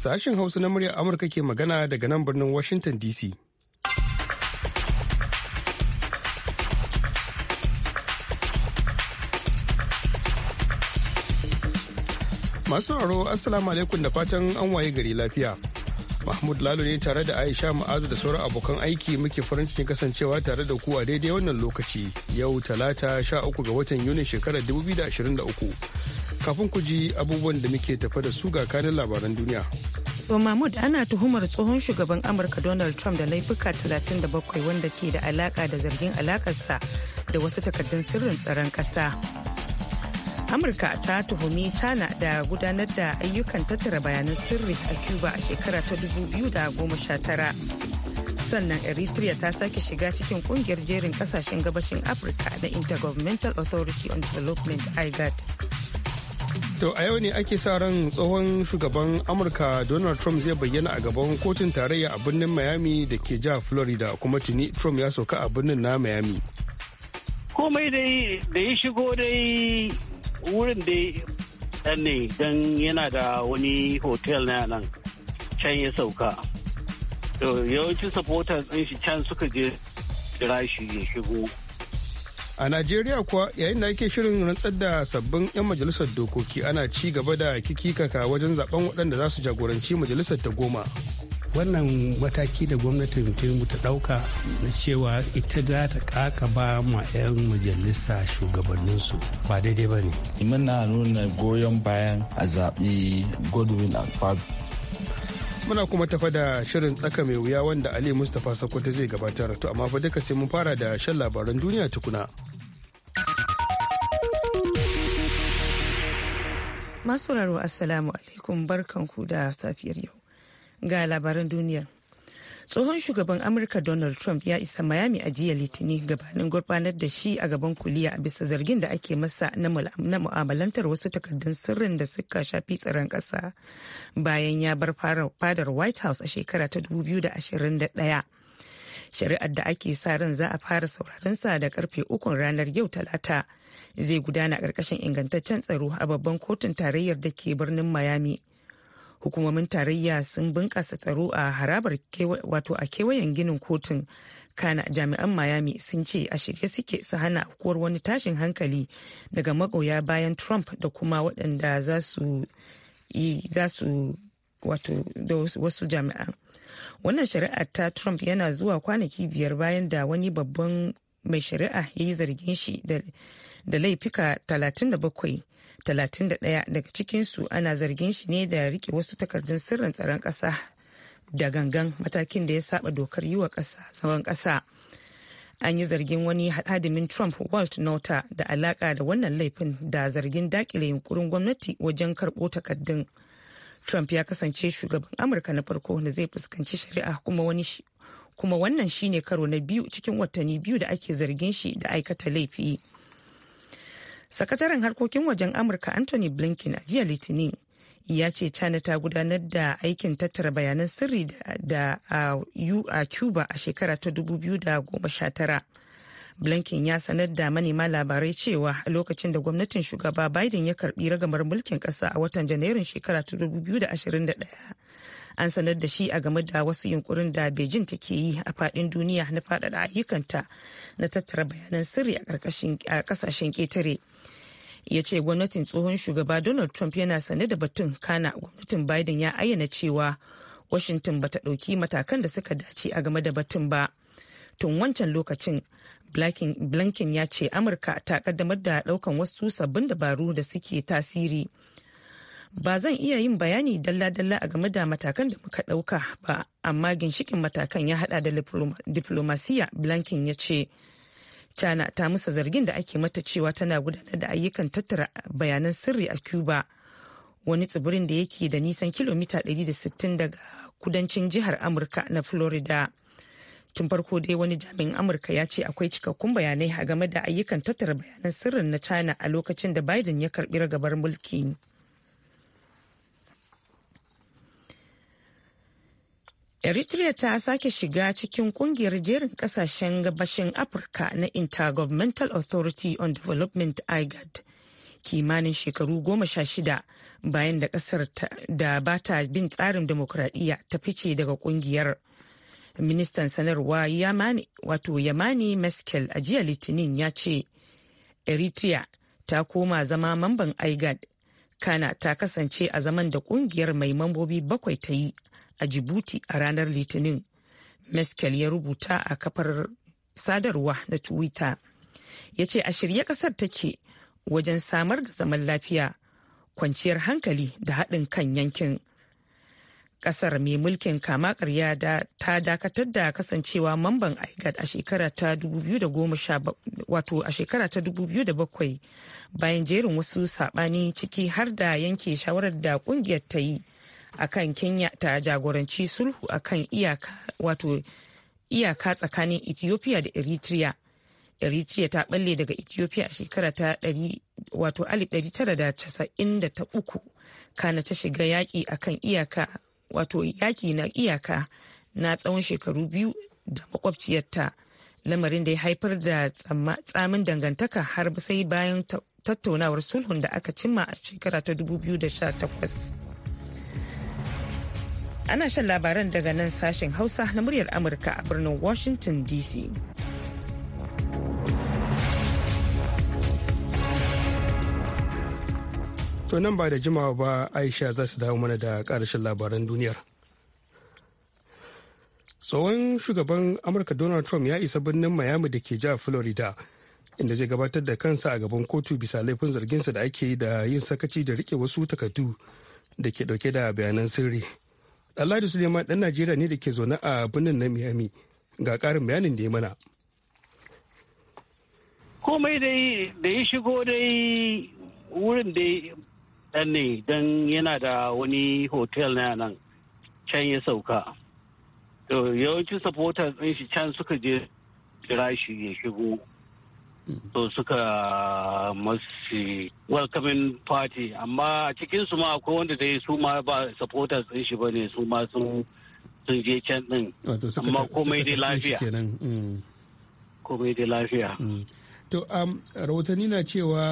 Sashen Hausa na muryar Amurka ke magana daga nan birnin Washington DC. Masu haro Assalamu alaikum da fatan an waye gari lafiya. Mahmud Lalo ne tare da Aisha Ma'azu da sauran abokan aiki muke farin cikin kasancewa tare da kuwa daidai wannan lokaci yau talata 13 ga watan Yuni shekarar 2023. kafin ku ji abubuwan da muke tafa da su ga kanin labaran duniya. To Mahmud ana tuhumar tsohon shugaban Amurka Donald Trump da laifuka 37 wanda ke da alaka da zargin alakarsa da wasu takardun sirrin tsaron ƙasa. Amurka ta tuhumi China da gudanar da ayyukan tattara bayanan sirri a Cuba a shekara ta 2019. sannan eritrea ta sake shiga cikin kungiyar jerin kasashen gabashin afirka na intergovernmental authority on development igad To a yau ne ake sa ran tsohon shugaban Amurka Donald Trump zai bayyana a gaban kotun tarayya a birnin Miami da ke jihar Florida kuma tuni Trump ya sauka a birnin na Miami. Komai da ya shigo dai wurin dai dan ne don yana da wani hotel na nan can ya sauka. Yawancin supporters ɗin shi can suka je jira shi ya shigo a najeriya kuwa yayin da ake shirin rantsar da sabbin 'yan majalisar dokoki ana ci gaba da kikikaka wajen zaben waɗanda za su jagoranci majalisar ta goma wannan mataki da gwamnatin tinubu ta ɗauka na cewa ita za ta ba ma 'yan majalisa shugabanninsu ba daidai ba ne muna nuna goyon bayan a zaɓi godwin akpabio muna kuma tafa da shirin tsaka mai wuya wanda Ali Mustapha Sokoto zai gabatar to amma fa duka sai mun fara da shan labaran duniya tukuna. Masu sauraro Assalamu alaikum barkanku da safiyar yau. Ga labaran duniyar. Tsohon shugaban Amurka Donald Trump ya isa Miami a jiya Litinin gabanin gurbanar da shi a gaban kuliya a bisa zargin da ake masa na mu'amalantar wasu takardun sirrin da suka shafi tsaron ƙasa bayan ya bar fadar White House a shekara ta 2021. Shari'ar da ake sa ran za a fara sauraron sa da karfe ukun ranar yau talata. zai gudana a ƙarƙashin ingantaccen tsaro a babban kotun tarayyar da ke birnin miami hukumomin tarayya sun bunƙasa tsaro a harabar wato a kewayen ginin kotun kana jami'an miami sun ce a shirye suke su hana aukuwar wani tashin hankali daga magoya bayan trump da kuma waɗanda za su za su wato da wasu jami'an wannan shari'a ta trump yana zuwa kwanaki biyar bayan da wani babban mai shari'a ya yi zargin shi da da laifika 37 31 daga cikinsu ana zargin shi ne da rike wasu takardun sirrin tsaron kasa da gangan matakin da ya saba dokar yi wa kasa tsawon ƙasa an yi zargin wani hadimin trump walt nauta da alaka da wannan laifin da zargin dakile yunkurin gwamnati wajen karbo takardun trump ya kasance shugaban amurka na farko da zai fuskanci shari'a kuma wani kuma wannan shine karo na biyu cikin watanni biyu da ake zargin shi da aikata laifi sakataren harkokin wajen amurka anthony blinken a jiya litinin ya ce china ta gudanar da aikin tattara bayanan sirri da a cuba a shekara ta 2019 blinken ya sanar da manema labarai cewa a lokacin da gwamnatin shugaba biden ya karbi ragamar mulkin kasa a watan janairun shekara ta 2021 an sanar da shi a game da wasu yunkurin da beijing take yi a fadin duniya na faɗaɗa ayyukanta na tattara bayanan sirri a kasashen ketare ya ce gwamnatin tsohon shugaba donald trump yana sane da batun kana gwamnatin biden ya ayyana cewa washington bata ɗauki matakan da suka dace a game da batun ba tun wancan lokacin blinken ya ce amurka ta kaddamar da daukan wasu sabbin dabaru da suke tasiri ba zan iya yin bayani dalla-dalla a game da matakan da muka ɗauka ba amma ginshikin matakan ya hada da diplomasiya blankin ya ce china ta musa zargin da ake mata cewa tana gudanar da ayyukan tattara bayanan sirri a cuba wani tsibirin da yake da nisan kilomita 160 daga kudancin jihar amurka na florida tun farko dai wani jami'in amurka ya ce akwai cikakkun bayanai a game da ayyukan tattara bayanan sirrin na china a lokacin da biden ya karbi ragabar mulki Eritrea ta sake shiga cikin kungiyar jerin kasashen gabashin Afirka na Intergovernmental Authority on Development IGAD kimanin shekaru goma sha shida bayan da kasar da ba ta bin tsarin demokradiyya ta fice daga kungiyar. Ministan sanarwa Yamani wato Yamani Meskel a jiya Litinin ya ce Eritrea ta koma zama mamban IGAD kana ta kasance a zaman da kungiyar mai mambobi bakwai ta yi. a jibuti a ranar Litinin. Meskel ya rubuta a kafar sadarwa na Twitter. Ya ce a shirye ƙasar take wajen samar da zaman lafiya, kwanciyar hankali da haɗin kan yankin. Ƙasar mai mulkin kama karya da ta dakatar da kasancewa mamban IGAD a shekara ta 2007 bayan jerin wasu saɓani ciki har da yanke shawarar da ƙungiyar ta yi. akan kenya ta jagoranci sulhu akan iyaka wato iyaka tsakanin ethiopia da eritrea eritrea ta balle daga ethiopia a shekara ta wato 1993 kana ta shiga yaƙi akan iyaka wato yaƙi na iyaka na tsawon shekaru biyu da makwabciyarta lamarin da ya haifar da tsamin dangantaka har sai bayan tattaunawar sulhun da aka cimma a shekara ta 2018 Ana shan labaran daga nan sashen Hausa na muryar Amurka a birnin Washington DC. To nan ba da jimawa ba Aisha za su dawo mana da ƙarashin labaran duniyar. Tsohon shugaban Amurka Donald Trump ya isa birnin Miami da ke jihar Florida. inda zai gabatar da kansa a gaban kotu bisa laifin zarginsa da ake yi da yin sakaci da rike wasu takardu da ke dauke da bayanan sirri Allah Suleiman ɗan Najeriya ne da ke zaune a birnin na Miami ga karin bayanin da ya mana. Komai da ya shigo dai wurin dai ɗan ne don yana da wani hotel na nan can ya sauka. Yawancin supporters ɗin shi can suka je kira shi ya shigo. so suka masu welcoming party amma a cikin su ma akwai wanda dai su ma ba supporters din shi bane su ma sun sun je can din amma mm. komai dai lafiya komai mm. dai lafiya to um, rahotanni na cewa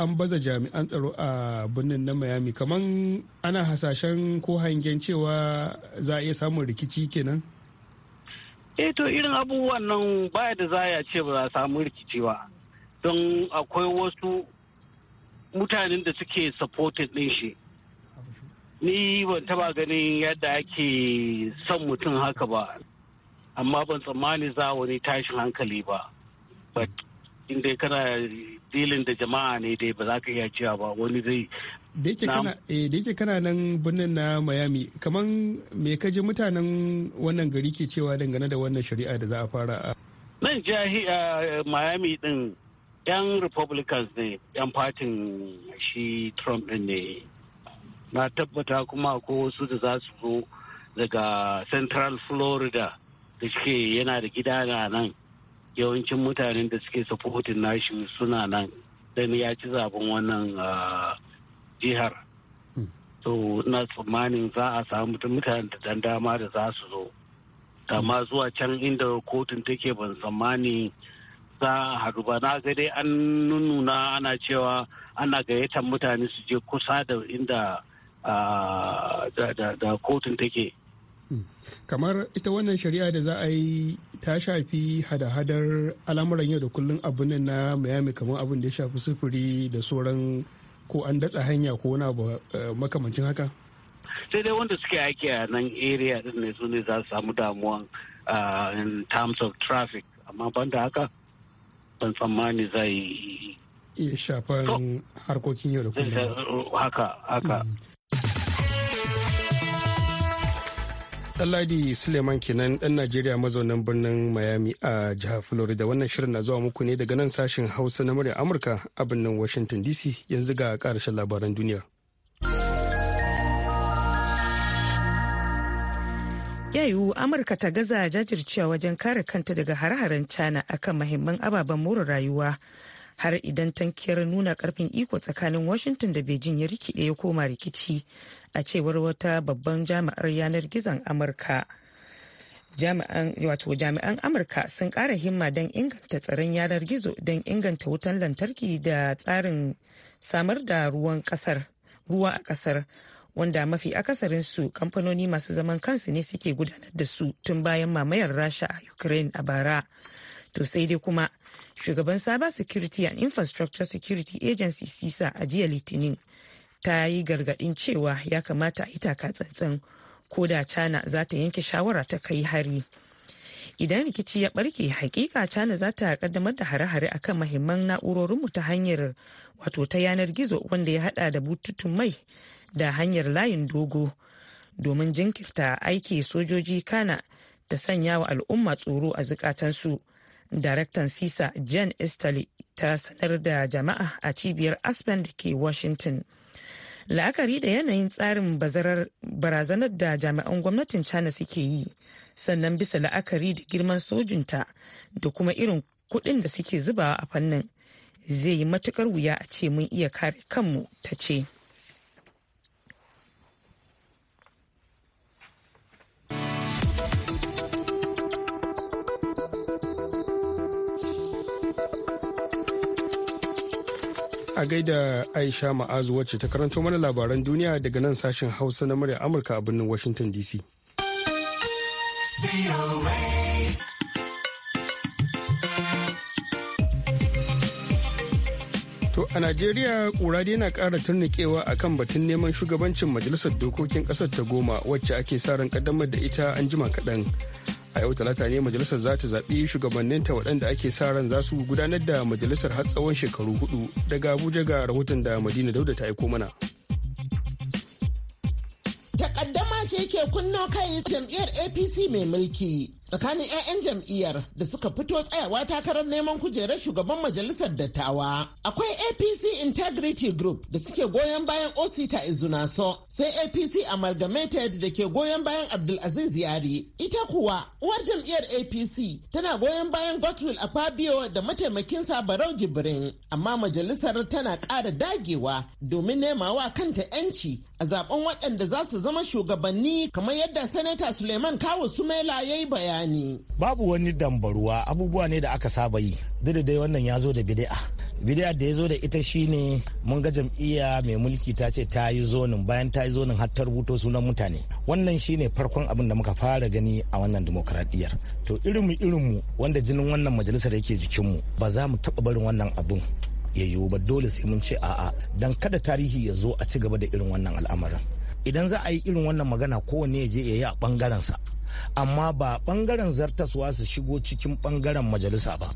an baza jami'an tsaro a birnin na miami kaman ana hasashen ko hangen cewa za a iya samun rikici kenan eh to irin abubuwan nan baya da za a ce ba za a samu rikici ba don akwai wasu mutanen da suke supported ɗin shi ni ban taba ganin yadda ake son mutum haka ba amma ban tsammani za wani tashin hankali ba but inda kana dilin da jama'a ne dai ba za ka iya cewa ba wani zai da yake kana eh, nan birnin na miami kamar me ka ji mutanen wannan gari ke cewa dangane da wannan shari'a da za a fara a nan jihar eh, miami din 'yan republicans ne 'yan fatin shi trump din ne na tabbata kuma ko wasu da za su zo daga central florida da suke yana da gida na nan yawancin mutanen da suke supportin nashi suna nan dan ya ci zaben wannan jihar so hmm. na tsammanin za a samu mutane da dan dama da za su zo amma zuwa can inda kotun take ban tsammani za a haɗu ba na ga dai an nuna ana cewa ana gayyatar mutane su je kusa da inda da kotun take hmm. kamar ita wannan shari'a da za a yi ta shafi hada-hadar al'amuran yau da kullum abin nan na miami kamar abin da ya shafi sufuri da sauran ko an datsa hanya ko wani abu eh, makamancin haka sai dai wanda suke aiki a nan area din ne su ne za su samu damuwan ah, in terms of traffic amma banda haka ban tsammani zai iya shafan harkokin yau da kullum haka haka mm. Ɗanladi Suleiman kenan ɗan Najeriya mazaunin birnin Miami a jihar Florida wannan shirin na zuwa muku ne daga nan sashen Hausa na murya Amurka a birnin Washington DC yanzu ga ƙarashen labaran duniya. ya yiwu amurka ta gaza jajircewa wajen kare kanta daga hare-haren china akan mahimman ababen more rayuwa har idan tankiyar nuna karfin iko tsakanin washington da beijing ya rikide ya koma rikici a cewar wata babban jami'ar yanar gizon amurka jami'an amurka sun kara himma don inganta tsaron yanar gizo don inganta wutan lantarki da tsarin samar da ruwa a kasar wanda mafi akasarin su kamfanoni masu zaman kansu ne suke gudanar da su tun bayan mamayar rasha a ukraine a bara to sai dai kuma shugaban cyber security and infrastructure security agency sisa a jiya litinin ta yi gargadin cewa ya kamata a yi tsantsan ko da china za ta yanke shawara ta kai hari idan rikici ya barke hakika china za ta kaddamar da hare-hare akan mahimman na'urorinmu ta hanyar wato ta yanar gizo wanda ya hada da bututun mai da hanyar layin dogo domin jinkirta aiki sojoji kana da sanya wa al'umma tsoro a zukatansu. Daraktan Sisa Jen Estelle ta sanar da jama'a a cibiyar Aspen da ke Washington. La'akari da yanayin tsarin barazanar da jami'an gwamnatin China suke yi, sannan bisa la'akari da girman sojinta da kuma irin kudin da suke zubawa a fannin zai yi matukar wuya a ce mun iya kare kanmu ta ce. a gaida aisha ma'azu wacce ta karanto mana labaran duniya daga nan sashen hausa na murya amurka a birnin washington dc To a Najeriya kura dai na ƙara turnikewa a kan batun neman shugabancin majalisar dokokin ƙasar ta goma wacce ake sa ran ƙaddamar da ita an jima kaɗan. a yau talata ne majalisar za ta zaɓi shugabanninta waɗanda ake sa ran za su gudanar da majalisar har tsawon shekaru hudu daga abuja ga rahoton da madina dauda ta aiko mana takaddama ce ke kunno kai jam'iyyar apc mai mulki tsakanin 'ya'yan jam'iyyar da suka fito tsayawa takarar neman kujerar shugaban majalisar dattawa akwai apc integrity group da suke goyon bayan osita izunaso sai apc amalgamated da ke goyon bayan abdulaziz yari ita kuwa uwar jam'iyyar apc tana goyon bayan a afabio da mataimakinsa barau jibrin amma majalisar tana ƙara dagewa domin nemawa kanta 'yanci a zaben waɗanda za su zama shugabanni kamar yadda sanata suleiman kawo sumela ya yi bayani bayani. Babu wani dambaruwa abubuwa ne da aka saba yi. Duk dai wannan ya zo da bidi'a Bid'a da ya zo da ita shine mun ga jam'iyya mai mulki ta ce ta yi zonin bayan ta yi zonin har ta rubuto sunan mutane. Wannan shine farkon abin da muka fara gani a wannan demokradiyyar. To irinmu irinmu wanda jinin wannan majalisar yake jikinmu ba za mu taɓa barin wannan abun ya ba dole sai mun ce a'a dan kada tarihi ya zo a ci gaba da irin wannan al'amarin idan za a yi irin wannan magana kowanne ya je ya yi a ɓangarensa amma ba ɓangaren zartaswa su shigo cikin ɓangaren majalisa ba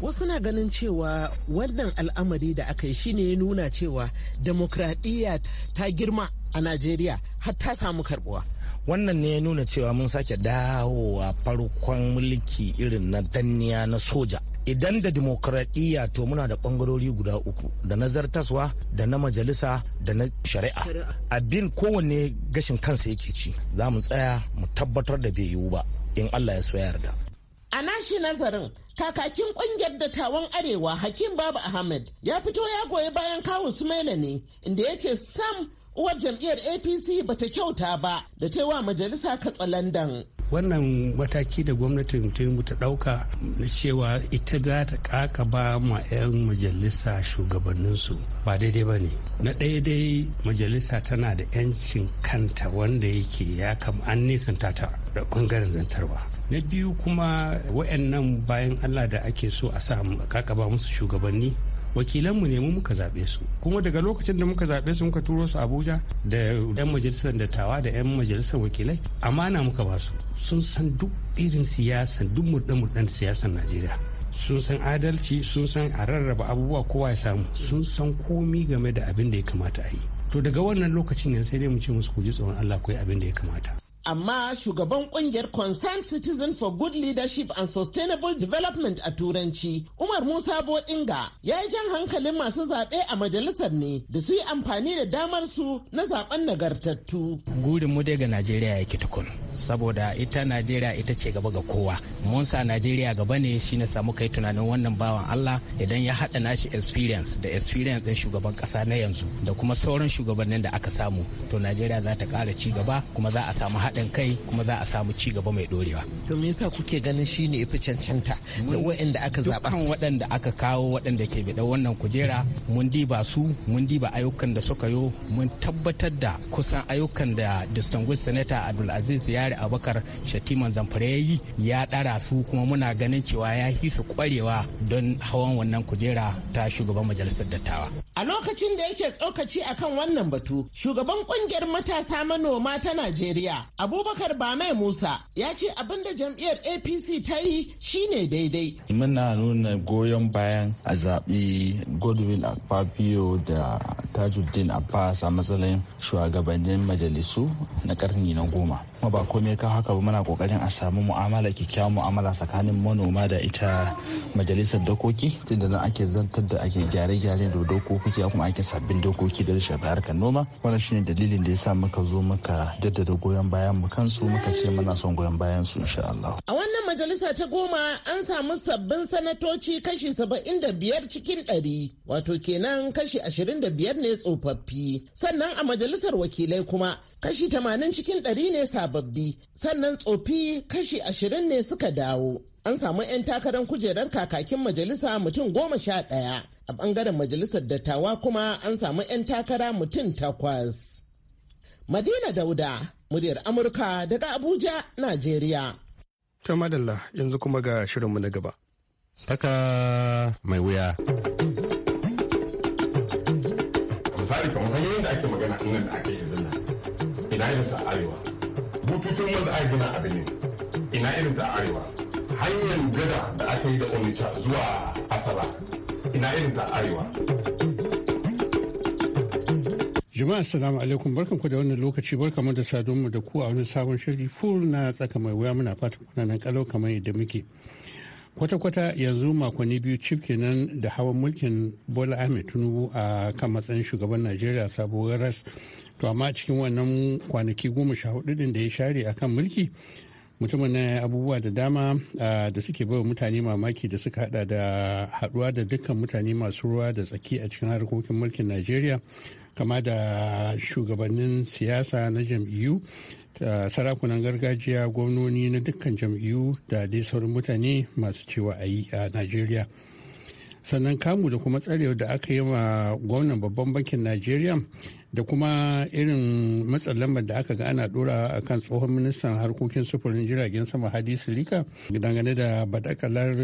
wasu na ganin cewa wannan al'amari da aka yi shine ya nuna cewa demokradiyya ta girma a najeriya har ta samu karbuwa wannan ne ya nuna cewa mun sake dawowa farkon mulki irin na danniya na soja idan da dimokuraɗiyya to muna da ɓangarori guda uku da na zartaswa da na majalisa da na shari'a abin kowanne gashin kansa yake ci za mu tsaya mu tabbatar da bai yiwu ba in allah ya soya yarda a nashi nazarin kakakin kungiyar dattawan arewa hakim babu ahmed ya fito ya goyi bayan kawo sumaila ne inda ya ce sam uwar jam'iyyar apc bata kyauta ba da ta wa majalisa katsalandan wannan mataki da gwamnatin mutum ta dauka na cewa ita za ta ba ma 'yan majalisa shugabanninsu ba daidai ba ne na ɗaya dai majalisa tana da 'yancin kanta wanda yake ya kam an nisanta ta da bangaren zantarwa na biyu kuma wa'annan bayan allah da ake so a sa ba musu shugabanni wakilanmu ne mu muka zaɓe su kuma daga lokacin da muka zaɓe su muka turo su abuja da 'yan majalisar dattawa da 'yan majalisar wakilai amana muka ba su sun san duk irin siyasan duk murɗe-murɗen siyasan najeriya sun san adalci sun san a rarraba abubuwa kowa ya samu sun san komi game da abin da ya kamata a yi to daga wannan lokacin ne sai dai mu ce musu ku ji tsoron Allah ku yi abin da ya kamata Amma shugaban kungiyar Concerned Citizen for Good Leadership and Sustainable Development a Turanci, Umar Musa Bo'inga ya yi jan hankalin masu zaɓe a majalisar ne da su yi amfani da damar su na zaben nagartattu. Gurin mu dai ga Najeriya yake tukun, saboda ita Najeriya ita ce gaba ga kowa. Mun sa Najeriya gaba ne shi na samu kai tunanin wannan bawan Allah idan ya haɗa nashi experience da experience ɗin shugaban ƙasa na yanzu da kuma sauran shugabannin da aka samu to Najeriya za ta ƙara ci gaba kuma za a samu haɗa haɗin kai kuma za a samu ci gaba mai dorewa To me yasa kuke ganin shi ne ifi cancanta da waɗanda aka zaɓa? Dukkan waɗanda aka kawo waɗanda ke biɗa wannan kujera mun diba su mun diba ayyukan da suka yo mun tabbatar da kusan ayyukan da distinguished senator Abdulaziz Yari Abubakar Shatiman Zamfara ya yi ya ɗara su kuma muna ganin cewa ya yi su kwarewa don hawan wannan kujera ta shugaban majalisar dattawa. A lokacin da yake tsokaci akan wannan batu shugaban kungiyar matasa manoma ta Najeriya abubakar bamai musa ya ce abin da jam'iyyar apc ta yi shine daidai muna nuna goyon bayan a zaɓi godwin akpapio da tajuddin abbas a matsalin shugabannin majalisu na karni na goma kuma ba komai ka haka ba muna kokarin a samu mu'amala kyakkyawan mu'amala tsakanin manoma da ita majalisar dokoki tunda nan ake zantar da ake gyare-gyare da dokoki kuma ake sabbin dokoki da shafi harkar noma wannan shine dalilin da ya sa muka zo muka jaddada goyon bayan mu kansu muka ce muna son goyon bayan su insha Allah. A wannan majalisa ta goma an samu sabbin sanatoci kashi saba'in da biyar cikin ɗari wato kenan kashi ashirin da biyar ne tsofaffi sannan a majalisar wakilai kuma kashi tamanin cikin ɗari ne sababbi sannan tsofi kashi ashirin ne suka dawo. An samu 'yan takarar kujerar kakakin majalisa mutum goma sha ɗaya a ɓangaren majalisar dattawa kuma an samu 'yan takara mutum takwas. Madina Dauda muryar Amurka daga Abuja, Najeriya. Ta madalla yanzu kuma ga shirinmu na gaba. Saka mai wuya. Misali kamar hanyoyin da ake magana nan da aka yi izina ina irin ta arewa. Bututun wanda ake gina a Benin ina irin ta arewa. Hanyar gada da aka yi da Onitsha zuwa Asaba ina irin ta arewa. Jama'a assalamu alaikum barkan ku da wannan lokaci barka mu da saduwar mu da ku a wani sabon shiri full na tsaka mai wuya muna fatan kuna nan kalau kamar yadda muke. Kwata-kwata yanzu makonni biyu cif kenan da hawan mulkin Bola Ahmed Tinubu a kan matsayin shugaban Najeriya sabuwar ras. To amma cikin wannan kwanaki goma sha hudu din da ya share akan mulki mutumin na abubuwa da dama da suke bawa mutane mamaki da suka hada da haduwa da dukkan mutane masu ruwa da tsaki a cikin harkokin mulkin Najeriya. kama da shugabannin siyasa na jam'iyyu sarakunan gargajiya gwamnoni na dukkan jam'iyyu da dai sauran mutane masu cewa a yi a najeriya sannan kamu da kuma tsarewa da aka yi wa gwamnan babban bankin najeriya da kuma irin matsin lambar da aka ga ana dora a kan tsohon ministan harkokin sufurin jiragen sama hadi silika dangane da badakalar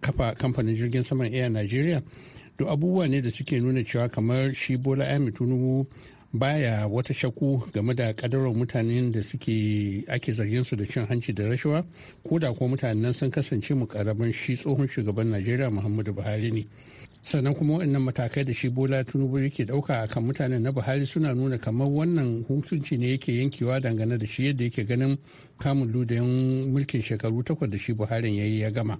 kafa kamfanin jirgin saman air nigeria duk abubuwa ne da suke nuna cewa kamar shi bola ahmed tunubu baya wata shaku game da kadarar mutanen da suke ake zargin su da cin hanci da rashawa ko da ko mutanen nan sun kasance mukarraban shi tsohon shugaban najeriya muhammadu buhari ne sannan kuma waɗannan matakai da shi bola tunubu yake ɗauka a kan mutanen na buhari suna nuna kamar wannan hukunci ne yake yankewa dangane da shi yadda yake ganin kamun ludayin mulkin shekaru takwas da shi buharin ya yi ya gama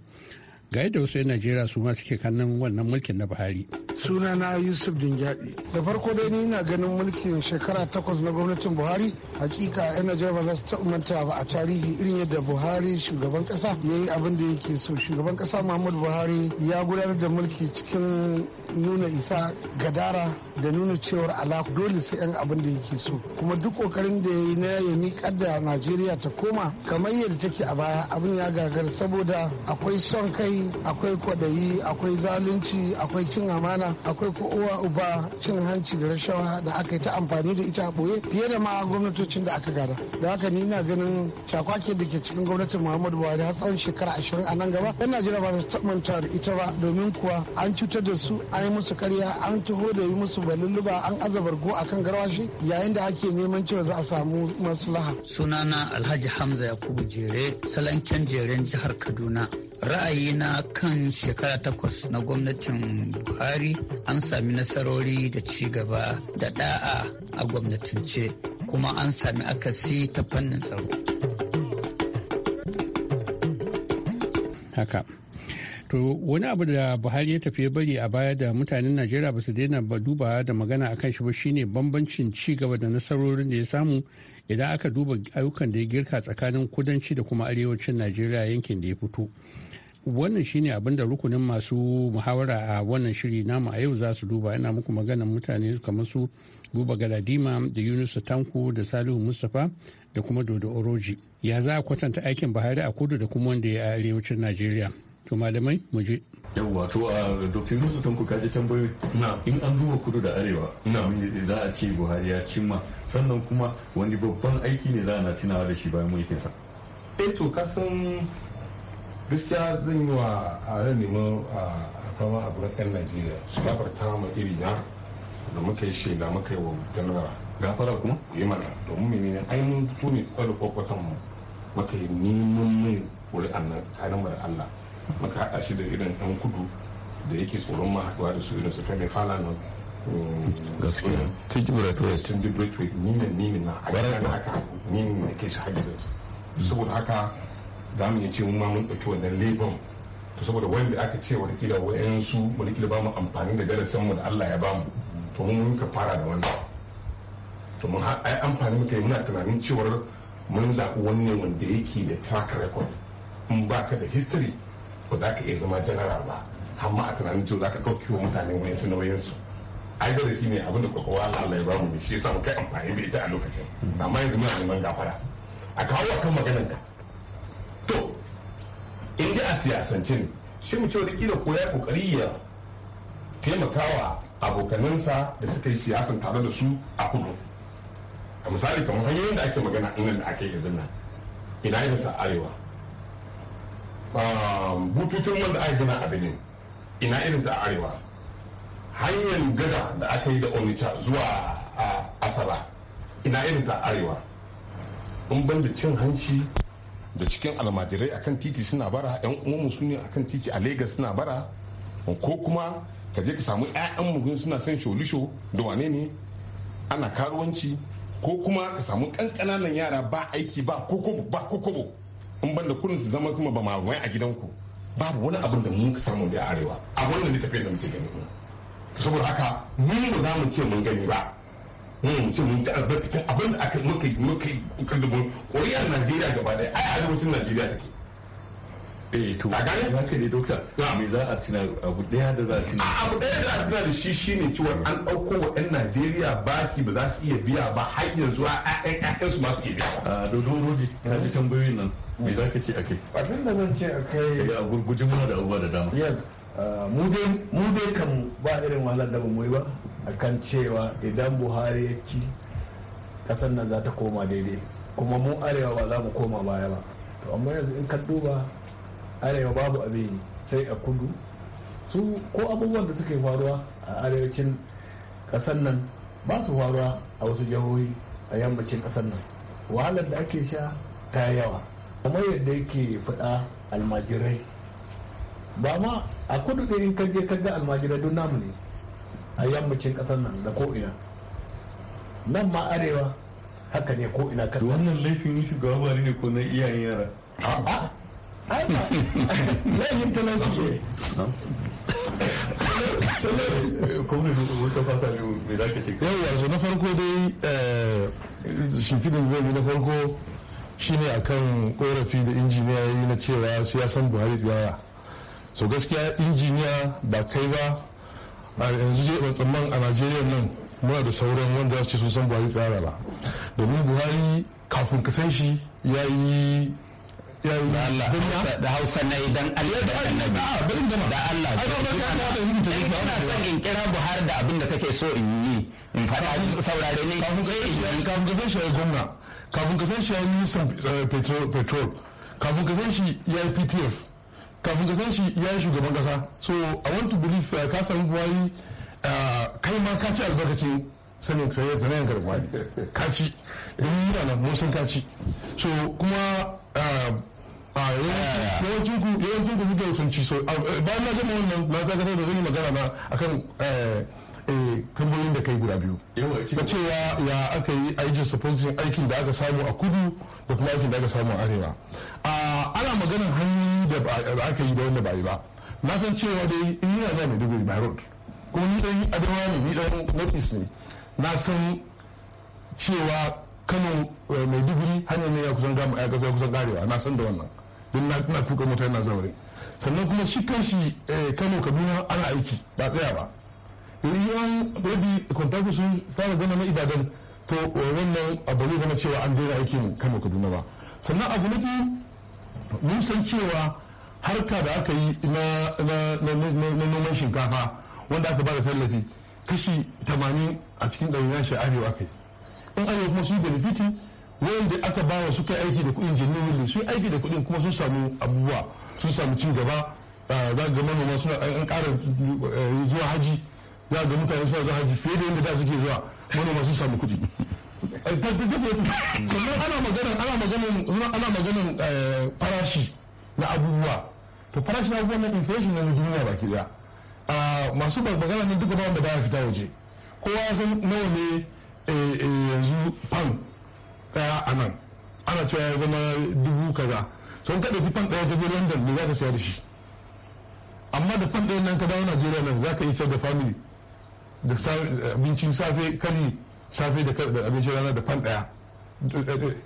ga yadda wasu 'yan najeriya su ma suke kannan wannan mulkin na buhari suna na yusuf dingyadi da farko dai ni na ganin mulkin shekara takwas na gwamnatin buhari hakika 'yan najeriya ba za su manta ba a tarihi irin yadda buhari shugaban kasa ya yi abin da yake so shugaban kasa muhammadu buhari ya gudanar da mulki cikin nuna isa gadara da nuna cewar alaku dole sai 'yan abin da yake so kuma duk kokarin da ya yi na ya miƙar da najeriya ta koma kamar yadda take a baya abin ya gagar saboda akwai son kai akwai kwadayi akwai zalunci akwai cin amana akwai uwa uba cin hanci da rashawa da aka yi ta amfani da ita a boye fiye da ma gwamnatocin da aka gada da haka ni na ganin cakwake da ke cikin gwamnatin muhammadu buhari har tsawon shekara ashirin a nan gaba yan najeriya ba su manta da ita ba domin kuwa an cutar da su an yi musu karya an taho da yi musu baluluba an aza bargo a kan garwashi yayin da ake neman cewa za a samu maslaha sunana alhaji hamza yakubu jere salon jeren jihar kaduna ra'ayina kan shekara takwas na gwamnatin buhari an sami nasarori da ci gaba da da'a a gwamnatance kuma an sami akasi ta fannin tsaro haka To wani abu da Buhari ya tafi bari a baya da mutanen Najeriya ba su daina ba duba da magana akan shi ba shine bambancin ci gaba da nasarorin da ya samu idan aka duba ayyukan da ya girka tsakanin kudanci da kuma arewacin najeriya yankin da ya fito wannan shine abin da rukunin masu muhawara a wannan shiri namu a yau za su duba yana muku maganan mutane kamar su guba galadima da yunus tanko da salihu mustapha da kuma dodo oroji ya za a kwatanta aikin buhari a kudu da kuma wanda ya yi a arewacin najeriya To malamai mu je. Yawwa to a Dr. Yunus Tanko ka ji tambayoyi. In an zuwa kudu da arewa. Za a ce Buhari ya cimma sannan kuma wani babban aiki ne za a na tunawa da shi bayan sa Eh to ka san gaskiya zan yi wa a zan nemi a fama a gurin 'yan Najeriya su gafarta ma iri na da muka yi da muka yi wa ganara. Gafara kuma? Yi mana domin menene ainihin tuni kwallo kwakwatan mu muka yi neman mai ƙuri'an nan tsakanin mu da Allah. muka haɗa shi da irin ɗan kudu da yake tsoron mahaɗuwa da su irin su femi falanon mm. gaskiya mm. tun jibra tuwai tun jibra tuwai nina nina na a gara na haka nina na kai su hajjinsu saboda haka za mu iya ce mun ma mun ɗauki wannan lebon to saboda wanda aka ce wani kila wa'yansu wani kila ba mu amfani da darasin mu da Allah ya ba mu to mun ka fara da wannan to mun ai amfani muka yi muna tunanin cewar mun zaɓi wani ne wanda yake da track record in baka da history ba za ka iya zama general ba amma a tunanin cewa za ka ɗauki wa mutane wayansu wayansu. ai dole shi ne abin da kwakwawa Allah ya ba mu shi yasa mu kai amfani da ita a lokacin amma yanzu muna neman gafara a kawo kan maganar ka to in dai a siyasance ne shi mu ce wani ko ya kokari ya taimakawa abokaninsa da suka yi siyasan tare da su a kudu a misali kamar hanyoyin da ake magana nan da ake yanzu nan ina irin ta arewa bututun wanda aka gina a benin ina irin ta arewa hanyar gada da aka yi da onitsha zuwa a asaba ina irin ta arewa in ban da cin hanci da cikin almajirai akan titi suna bara yan uwanmu su ne akan titi a lagos suna bara ko kuma ka je ka samu 'ya'yan mugun suna son sholisho da wane ne ana karuwanci ko kuma ka samu ƙanƙananan yara ba aiki ba kokobo ba kokobo in banda kurin su zama kuma ba mawai a gidanku babu wani abin da mun samu da arewa a wannan littafin da muke gani saboda haka mun ba za mu ce mun gani ba mun ce mun ta albarkacin abin da aka muka yi muka yi ƙuri'ar najeriya gaba ɗaya ai arewacin najeriya take eh to a gane haka ne dokta me za a tuna abu daya da za a tuna abu daya da za a tuna da shi shine cewa an dauko wa yan Najeriya bashi ba za su iya biya ba har yanzu a ƴaƴan ƴaƴan su ma su iya biya a dodon roji ka ji tambayoyin nan me za ka ce akai abin da zan ce a akai a gurgujin muna da abubuwa da dama yes mu dai mu dai kan ba irin wahalar da ba mu yi ba akan cewa idan Buhari ya ci kasar nan za ta koma daidai kuma mu arewa ba za mu koma baya ba to amma yanzu in ka duba arewa babu abin sai a kudu su ko abubuwan da suke faruwa a arewacin ƙasar nan ba su faruwa a wasu jihohi a yammacin ƙasar nan wahalar da ake sha ta yawa kamar yadda yake faɗa almajirai ba ma a kudu da in kaje kaga almajirai don namu ne a yammacin ƙasar nan da ko'ina nan ma arewa haka ne ko'ina ƙasar wannan laifin shugaba ne ko na iyayen yara a'a ai laifin talauci ne yawwa na farko dai eh, shimfidin zai yi na farko shine akan korafi da injiniya yi na cewa su ya san buhari tsiyaya so gaskiya injiniya ba kai ba a yanzu zai ban tsamman a najeriya nan muna da sauran wanda su ce sun san buhari tsiyaya ba domin buhari kafin ka san shi ya yi da Allah da Hausa na idan Allah da Annabi da Allah ina son in kira Buhari da abin da kake so in yi in faɗa saurare ne kafin ka san shi ya gwamna kafin kasan shi ya ministan petrol kafin kasan shi ya yi PTF kafin kasan shi ya yi shugaban kasa so I want to believe ka san Buhari kai ma ka ci albarkacin sanin sai sanayin karɓa kaci domin yana nan mun sun kaci so kuma Eh. yawancin yawancin suke so eh, bayan na gama wannan na dakatar da zan yi magana na akan kamfanin eh, da kai guda biyu ba cewa ya aka yi aikin supporting aikin da aka samu a kudu da kuma aikin da aka samu a arewa ana maganin hanyoyi da aka yi da wanda ba yi ba na san cewa dai in yi na maiduguri by road kuma ni dan adawa ne ni dan notice ne na san cewa kano mai dubi hanyar ne ya kusan gama ya kusan karewa na san da wannan don na na kuka mota yana zaure sannan kuma shi kanshi eh, kano kaduna ana aiki ba tsaya ba yan rabi kwantaku sun fara gama na ibadan to wannan abu ne zama cewa an daina aikin kano kaduna ba sannan abu na biyu mun san cewa harka da aka yi na noman shinkafa wanda aka ba da tallafi kashi 80 a cikin ɗari na a arewa kai in arewa kuma su yi benefiti wanda aka bawa suka aiki da kuɗin genuinely sun aiki da kuɗin kuma sun samu abubuwa sun samu ci gaba ah, za ga manoma suna an ƙara eh, zuwa haji za ga mutane suna zuwa haji fiye da yadda da suke zuwa manoma sun samu kuɗi eh, sannan ana maganin ana maganin ana maganin eh, farashi na abubuwa to farashi na abubuwa na inflation na duniya baki daya ah, masu magana ne duka ba wanda baya fita waje kowa ya san nawa ne yanzu pound daya a nan ana cewa ya zama dubu kaza sun ka ɗauki fan ɗaya ka je london ne za ka siya da shi amma da fan ɗaya nan ka dawo najeriya nan za ka iya da family da abincin safe kani safe da abincin rana da fan ɗaya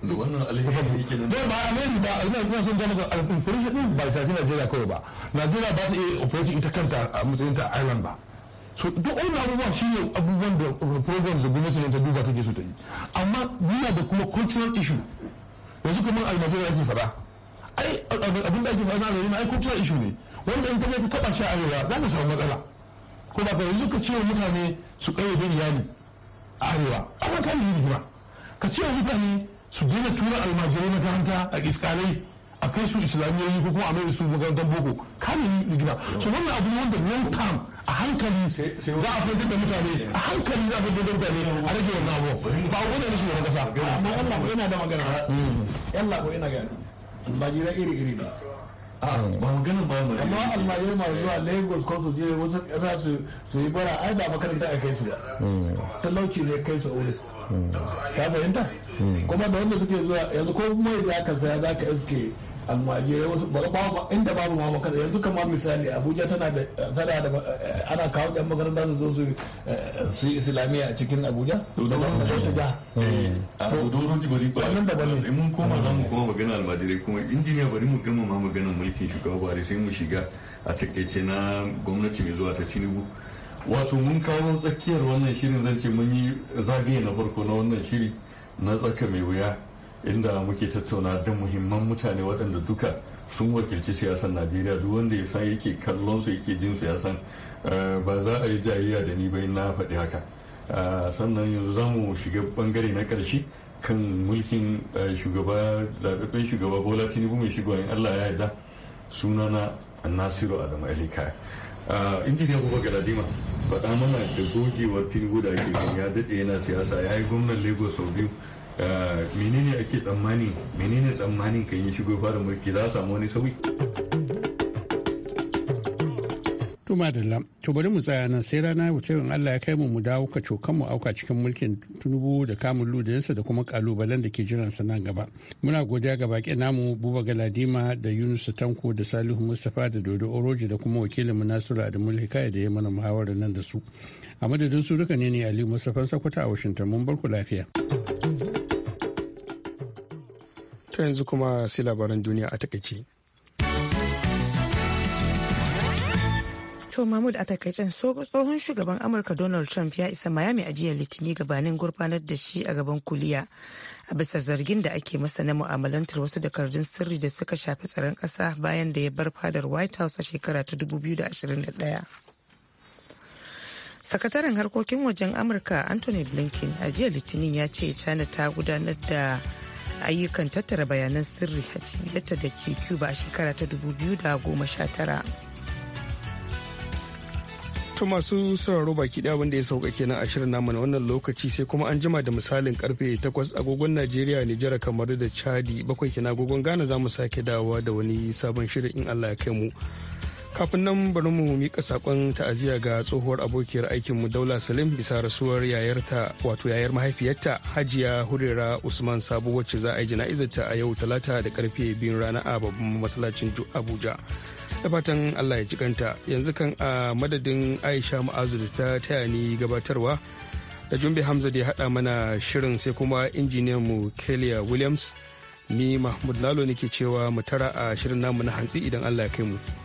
wannan alheri ke nan ba alheri ba ina ba son ta ba information din ba ta ba Najeriya kawai ba Najeriya ba ta iya operating ita kanta a matsayin ta island ba so duk wani abubuwa shi ne abubuwan da uh, program da gwamnati ne ta duba take so ta yi amma yana da kuma cultural issue yanzu kamar masu ake fada ai abin da ake fada na yana ai cultural issue ne wanda in kaje ku taba shi a arewa za ka samu matsala ko ba ka yanzu ka ce mutane su da iyali a arewa a kan yi rigima ka ce mutane su daina tura almajirai makaranta a iskalai a kai su islamiyoyi ko kuma a mai su makarantar boko kamin rigima so wannan abu wanda long term a hankali za a fitar da mutane a hankali za a fitar da mutane a rage wannan abu ba a gudanar shi wani kasa amma yalla ko yana da magana hmm. yalla ko yana gani almajira iri iri ne ba maganin ba mu amma almajira ma zuwa lagos ko su je wasu kasa su yi bara ai da makaranta a kai su ba hmm. talauci ne kai su aure hmm. ka fahimta kuma da wanda suke zuwa yanzu ko mai za ka saya za ka iske almajirai wasu ba ba inda babu ma makaranta yanzu kamar misali abuja tana da tana da eh, ana kawo yan makaranta su zo eh, su yi islamiyya a cikin abuja da ta ja dodoro jibari ba wannan da bane mun koma za mu koma magana almajirai kuma injiniya bari mu gama ma magana mulkin shugaba buhari sai mu shiga a takaice na gwamnati mai zuwa ta tinubu wato mun kawo tsakiyar wannan shirin zan ce mun yi zagaye na farko na wannan shiri na tsaka mai wuya inda muke tattauna da muhimman mutane waɗanda duka sun wakilci siyasar najeriya duk wanda ya san yake kallon su yake jin su ya san eh, ba za a yi jayayya da ni bai na faɗi haka eh, sannan yanzu za mu shiga bangare na ƙarshe kan mulkin eh, shugaba zaɓaɓɓen shugaba bola tinubu mai shigo in allah ya yarda sunana nasiru adamu alika injiniya abubakar adima faɗa mana da gogewar tinubu da ake ya daɗe yana siyasa ya yi gwamnan lagos sau biyu Eh, menene ake tsammani menene tsammanin kan yi shigo fara mulki za a samu wani sauyi Tuma da to bari mu tsaya nan sai rana wuce in Allah ya kai mu mu dawo ka cokan mu auka cikin mulkin tunubu da kamun ludinsa da kuma kalubalen da ke jiran sa nan gaba. Muna godiya ga bakin namu Buba Galadima da Yunus Tanko da Salihu Mustapha da Dodo Oroji da kuma wakilin mu Nasiru Adamu Hikaya da ya mana muhawara nan da su. A madadin su duka ne ne ali Mustapha Sakwata a Washington mun bar ku lafiya. to yanzu kuma sai labaran duniya a takaice. To Mahmud a takaicen tsohon shugaban Amurka Donald Trump ya isa Miami a jiya litini gabanin gurfanar da shi a gaban kuliya a bisa zargin da ake masa na mu'amalantar wasu takardun sirri da suka shafi tsaron ƙasa bayan da ya bar fadar White House a shekara ta 2021. Sakataren harkokin wajen Amurka Anthony Blinken a jiya Litinin ya ce China ta gudanar da ayyukan tattara bayanan sirri a yadda da ke cuba a shekara ta 2019 to masu sauraro baki daya wanda ya sauka kenan a shirin namu na wannan lokaci sai kuma an jima da misalin karfe 8 agogon najeriya nijar kamar da chadi bakwai kenan agogon ghana za mu sake dawa da wani sabon shirin in allah ya kai mu kafin nan bari mu mika sakon ta'aziyya ga tsohuwar abokiyar aikinmu daula salim bisa rasuwar yayarta wato yayar mahaifiyarta hajiya hurera usman sabo wacce za a yi jana'izarta a yau talata da karfe biyun rana a babban masallacin abuja da fatan allah ya jikanta yanzu kan a madadin aisha ma'azu da ta taya ni gabatarwa da jumbe hamza da ya haɗa mana shirin sai kuma injiniyan mu kelia williams ni mahmud lalo nake cewa mu tara a shirin namu na hantsi idan allah ya kai mu.